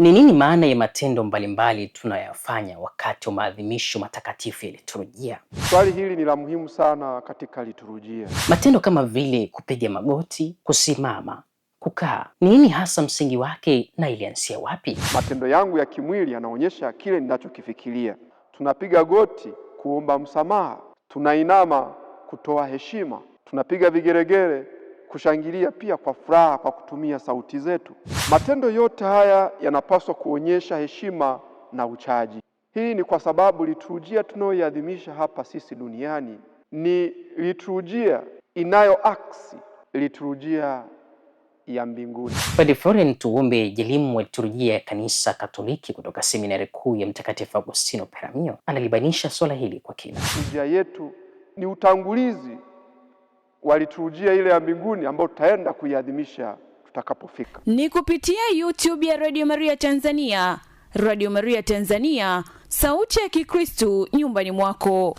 Ni nini maana ya matendo mbalimbali tunayoyafanya wakati wa maadhimisho matakatifu ya liturujia? Swali hili ni la muhimu sana katika liturujia. Matendo kama vile kupiga magoti, kusimama, kukaa, ni nini hasa msingi wake na ilianzia wapi? Matendo yangu ya kimwili yanaonyesha kile ninachokifikiria. Tunapiga goti kuomba msamaha, tunainama kutoa heshima, tunapiga vigeregere kushangilia pia kwa furaha kwa kutumia sauti zetu. Matendo yote haya yanapaswa kuonyesha heshima na uchaji. Hii ni kwa sababu liturujia tunayoiadhimisha hapa sisi duniani ni liturujia inayoaksi liturujia ya mbinguni. Padre Florent Tuombe, jalimu wa liturujia ya Kanisa Katoliki kutoka Seminari Kuu ya Mtakatifu Agostino peramio analibainisha swala hili kwa kina. Liturujia yetu ni utangulizi walituujia ile ya mbinguni ambayo tutaenda kuiadhimisha tutakapofika. Ni kupitia YouTube ya Radio Maria Tanzania. Radio Maria Tanzania, sauti ya Kikristo nyumbani mwako.